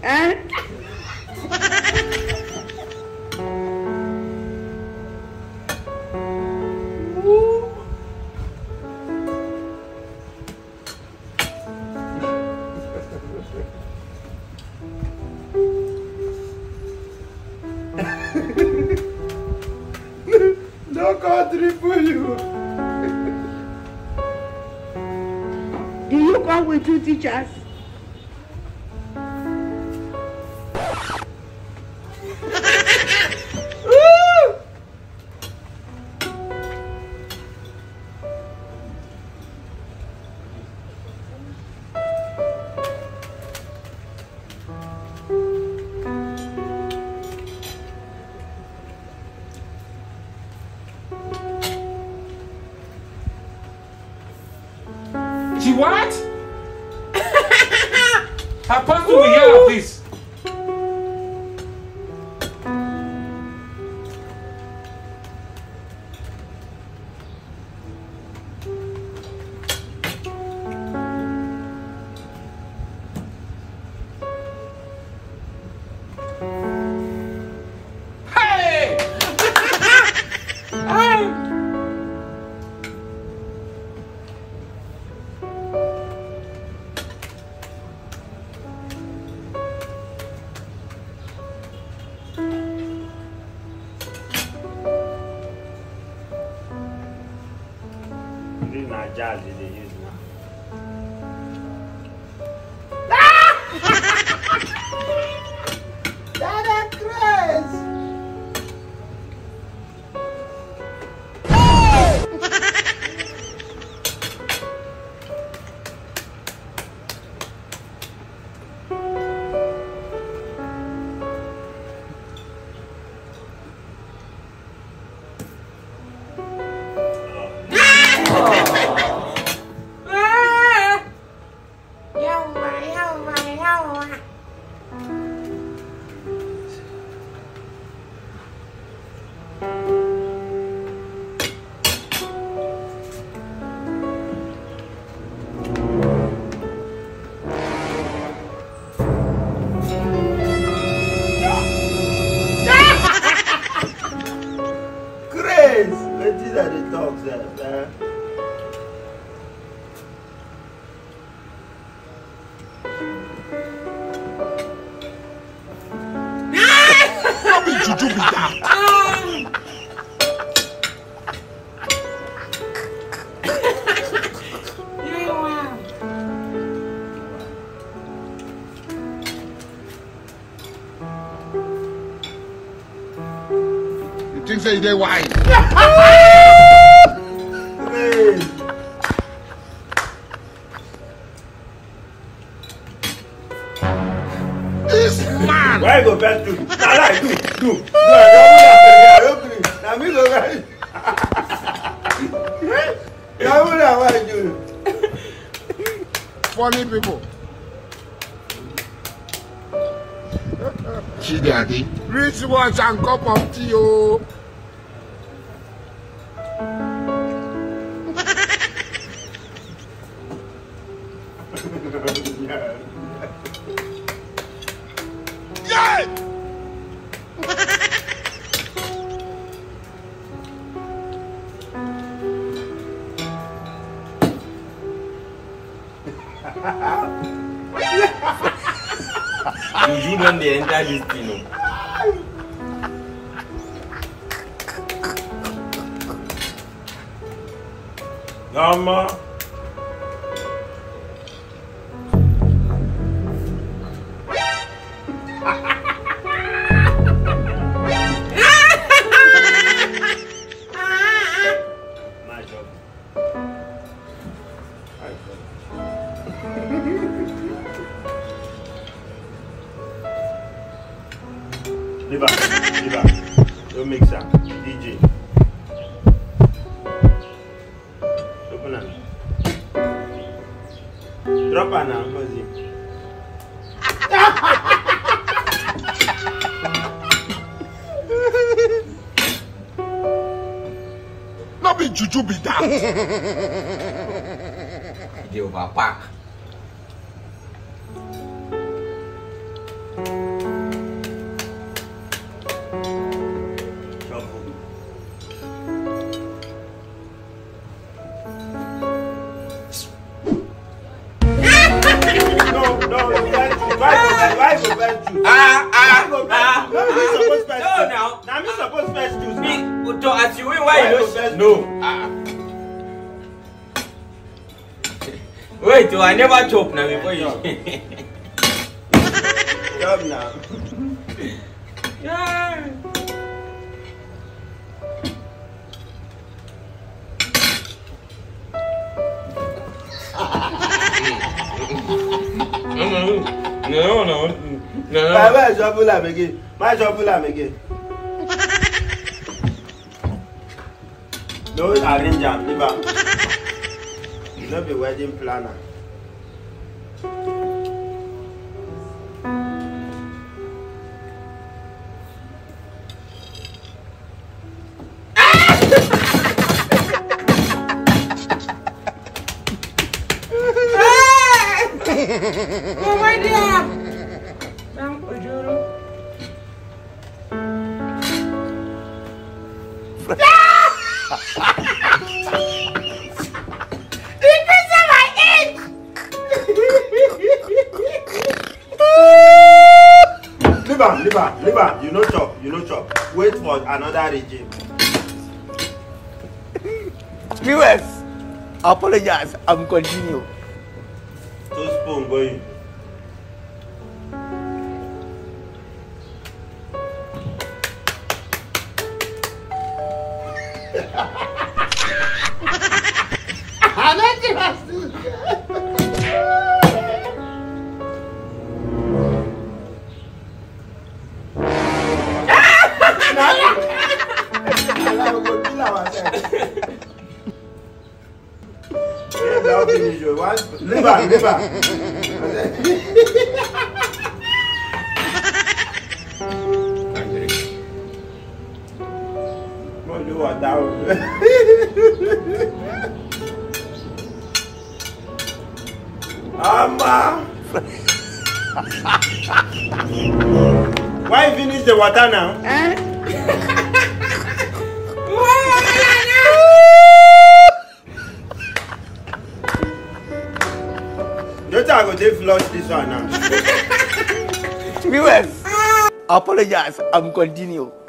no country for you. Do you come with two teachers? 嘿！哎！你拿胶的的用吗？啊！be juju be that? say they white? why you go pass through na like do do do i don gree i don gree na me go carry na me na why you do. funny people. Chidi Adi. Reach once and cup of tea Oh. seen when they enter this You know. Mama. eu mixar. DJ. Tô falando. Tropa não, cozinha. Não me jujubi dá. Deu uma paca. Ah, ah, ah. No, me supposed first. No, now. Now me supposed first choose. Me, to as you win, why you don't? No. Ah. Wait, oh, I never chop now before you. Come now. Yeah. Where is your bullet again? My your bullet again. Don't arrange am, never. You know the wedding planner. oh my dear! friend. the pizza I ate. leave am leave am leave am you no chop you no chop wait for another regime. viewers apologize i'm continue. two spoon going. Anacığım hastalık. Leba, leba. Ama. Why finish the water now? Eh? think I go dey flush this one now. Viewers, apologize. I'm continue.